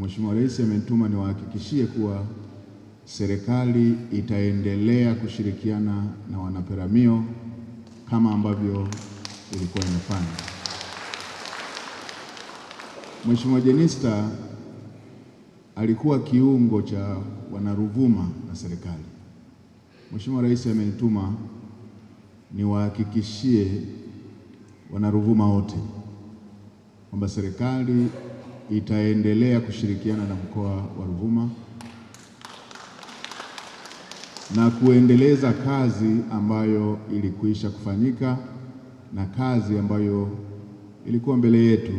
Mheshimiwa Rais amenituma niwahakikishie kuwa serikali itaendelea kushirikiana na wanaperamio kama ambavyo ilikuwa inafanya. Mheshimiwa Jenista alikuwa kiungo cha wanaruvuma na serikali. Mheshimiwa Rais amenituma niwahakikishie wanaruvuma wote kwamba serikali itaendelea kushirikiana na mkoa wa Ruvuma na kuendeleza kazi ambayo ilikwisha kufanyika na kazi ambayo ilikuwa mbele yetu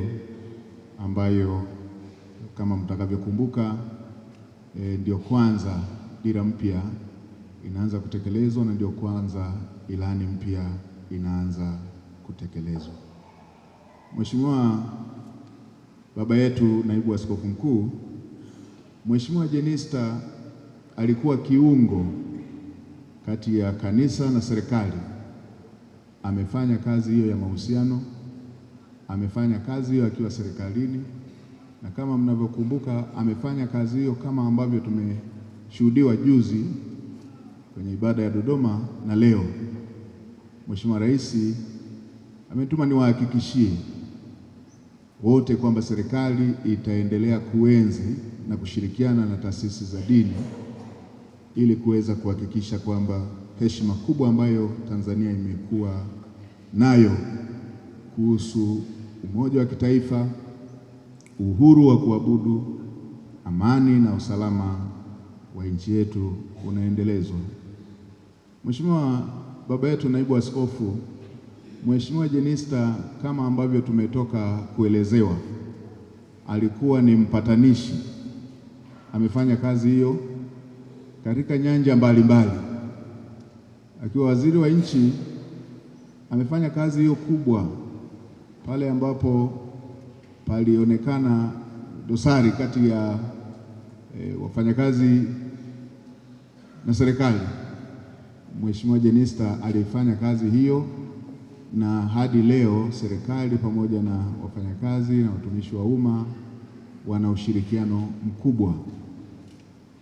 ambayo kama mtakavyokumbuka, e, ndio kwanza dira mpya inaanza kutekelezwa na ndio kwanza ilani mpya inaanza kutekelezwa. Mheshimiwa baba yetu naibu askofu mkuu Mheshimiwa Jenista alikuwa kiungo kati ya kanisa na serikali. Amefanya kazi hiyo ya mahusiano, amefanya kazi hiyo akiwa serikalini, na kama mnavyokumbuka, amefanya kazi hiyo kama ambavyo tumeshuhudiwa juzi kwenye ibada ya Dodoma, na leo Mheshimiwa Rais ametuma niwahakikishie wote kwamba serikali itaendelea kuenzi na kushirikiana na taasisi za dini ili kuweza kuhakikisha kwamba heshima kubwa ambayo Tanzania imekuwa nayo kuhusu umoja wa kitaifa, uhuru wa kuabudu, amani na usalama wa nchi yetu unaendelezwa. Mheshimiwa baba yetu naibu askofu Mheshimiwa Jenista kama ambavyo tumetoka kuelezewa, alikuwa ni mpatanishi, amefanya kazi hiyo katika nyanja mbalimbali mbali. Akiwa waziri wa nchi amefanya kazi hiyo kubwa pale ambapo palionekana dosari kati ya e, wafanyakazi na serikali. Mheshimiwa Jenista alifanya kazi hiyo na hadi leo serikali pamoja na wafanyakazi na watumishi wa umma wana ushirikiano mkubwa.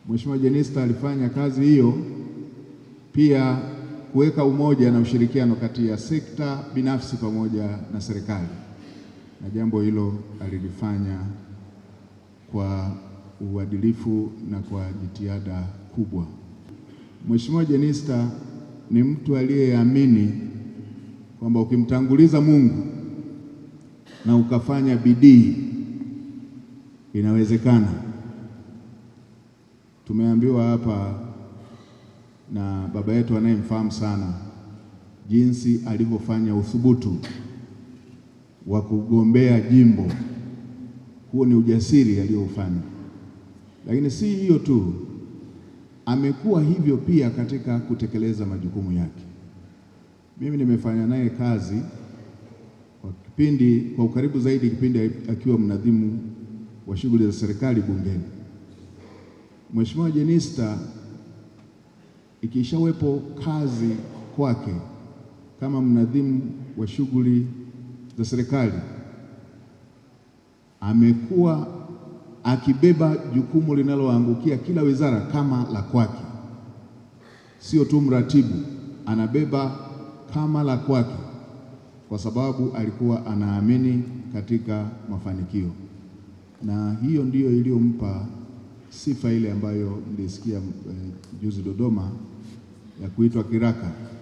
Mheshimiwa Jenista alifanya kazi hiyo pia kuweka umoja na ushirikiano kati ya sekta binafsi pamoja na serikali, na jambo hilo alilifanya kwa uadilifu na kwa jitihada kubwa. Mheshimiwa Jenista ni mtu aliyeamini kwamba ukimtanguliza Mungu na ukafanya bidii inawezekana. Tumeambiwa hapa na baba yetu anayemfahamu sana jinsi alivyofanya uthubutu wa kugombea jimbo. Huo ni ujasiri aliyoufanya, lakini si hiyo tu, amekuwa hivyo pia katika kutekeleza majukumu yake. Mimi nimefanya naye kazi kwa kipindi kwa ukaribu zaidi kipindi akiwa mnadhimu wa shughuli za serikali bungeni. Mheshimiwa Jenista, ikishawepo kazi kwake kama mnadhimu wa shughuli za serikali, amekuwa akibeba jukumu linaloangukia kila wizara kama la kwake, sio tu mratibu, anabeba kama la kwake, kwa sababu alikuwa anaamini katika mafanikio, na hiyo ndiyo iliyompa sifa ile ambayo mlisikia eh, juzi Dodoma ya kuitwa kiraka.